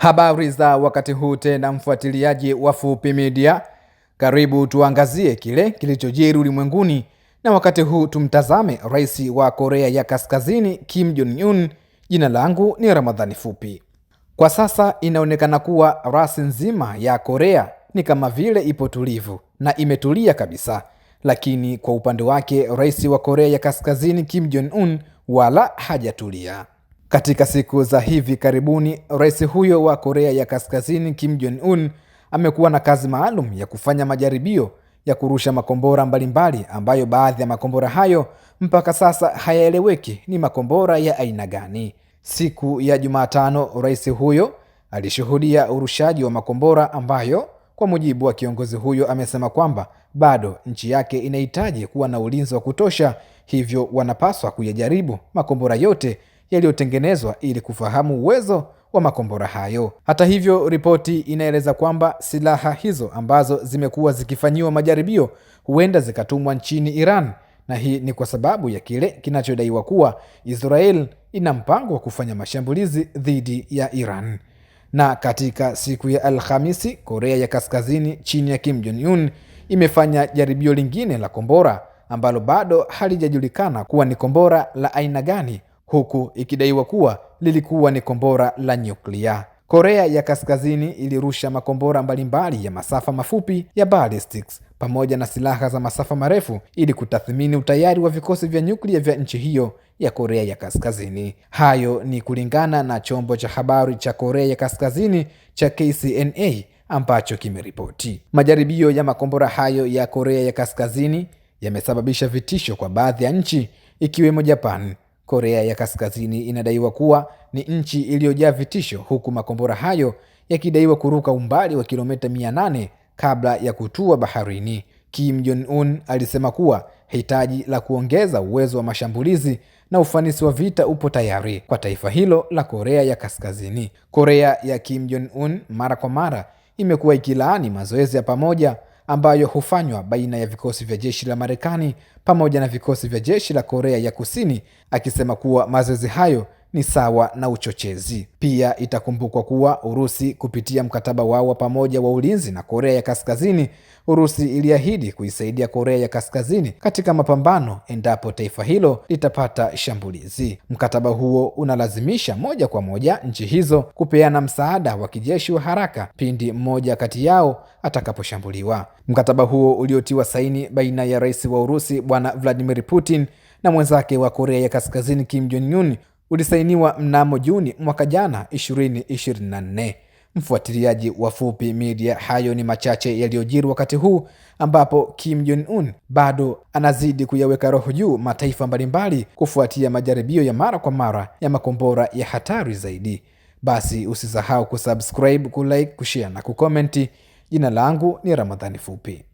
Habari za wakati huu tena, mfuatiliaji wa Fupi Media, karibu tuangazie kile kilichojiri ulimwenguni, na wakati huu tumtazame rais wa Korea ya Kaskazini Kim Jong Un. Jina langu ni Ramadhani Fupi. Kwa sasa inaonekana kuwa rasi nzima ya Korea ni kama vile ipo tulivu na imetulia kabisa, lakini kwa upande wake rais wa Korea ya Kaskazini Kim Jong Un wala hajatulia. Katika siku za hivi karibuni, rais huyo wa Korea ya Kaskazini Kim Jong Un amekuwa na kazi maalum ya kufanya majaribio ya kurusha makombora mbalimbali ambayo baadhi ya makombora hayo mpaka sasa hayaeleweki ni makombora ya aina gani. Siku ya Jumatano, rais huyo alishuhudia urushaji wa makombora ambayo kwa mujibu wa kiongozi huyo amesema kwamba bado nchi yake inahitaji kuwa na ulinzi wa kutosha, hivyo wanapaswa kuyajaribu makombora yote yaliyotengenezwa ili kufahamu uwezo wa makombora hayo. Hata hivyo, ripoti inaeleza kwamba silaha hizo ambazo zimekuwa zikifanyiwa majaribio huenda zikatumwa nchini Iran, na hii ni kwa sababu ya kile kinachodaiwa kuwa Israel ina mpango wa kufanya mashambulizi dhidi ya Iran. Na katika siku ya Alhamisi, Korea ya Kaskazini chini ya Kim Jong Un imefanya jaribio lingine la kombora ambalo bado halijajulikana kuwa ni kombora la aina gani huku ikidaiwa kuwa lilikuwa ni kombora la nyuklia. Korea ya Kaskazini ilirusha makombora mbalimbali ya masafa mafupi ya ballistics pamoja na silaha za masafa marefu ili kutathmini utayari wa vikosi vya nyuklia vya nchi hiyo ya Korea ya Kaskazini. Hayo ni kulingana na chombo cha habari cha Korea ya Kaskazini cha KCNA ambacho kimeripoti. Majaribio ya makombora hayo ya Korea ya Kaskazini yamesababisha vitisho kwa baadhi ya nchi ikiwemo Japan Korea ya Kaskazini inadaiwa kuwa ni nchi iliyojaa vitisho, huku makombora hayo yakidaiwa kuruka umbali wa kilomita 800 kabla ya kutua baharini. Kim Jong Un alisema kuwa hitaji la kuongeza uwezo wa mashambulizi na ufanisi wa vita upo tayari kwa taifa hilo la Korea ya Kaskazini. Korea ya Kim Jong Un mara kwa mara imekuwa ikilaani mazoezi ya pamoja ambayo hufanywa baina ya vikosi vya jeshi la Marekani pamoja na vikosi vya jeshi la Korea ya Kusini, akisema kuwa mazoezi hayo ni sawa na uchochezi. Pia itakumbukwa kuwa Urusi kupitia mkataba wao wa pamoja wa ulinzi na Korea ya Kaskazini, Urusi iliahidi kuisaidia Korea ya Kaskazini katika mapambano endapo taifa hilo litapata shambulizi. Mkataba huo unalazimisha moja kwa moja nchi hizo kupeana msaada wa kijeshi wa haraka pindi mmoja kati yao atakaposhambuliwa. Mkataba huo uliotiwa saini baina ya rais wa Urusi Bwana Vladimir Putin na mwenzake wa Korea ya Kaskazini Kim Jong Un ulisainiwa mnamo Juni mwaka jana 2024. Mfuatiliaji wa Fupi Media, hayo ni machache yaliyojiri wakati huu ambapo Kim Jong Un bado anazidi kuyaweka roho juu mataifa mbalimbali kufuatia majaribio ya mara kwa mara ya makombora ya hatari zaidi. Basi usisahau kusubscribe, kulike, kushare na kukomenti. Jina langu ni Ramadhani Fupi.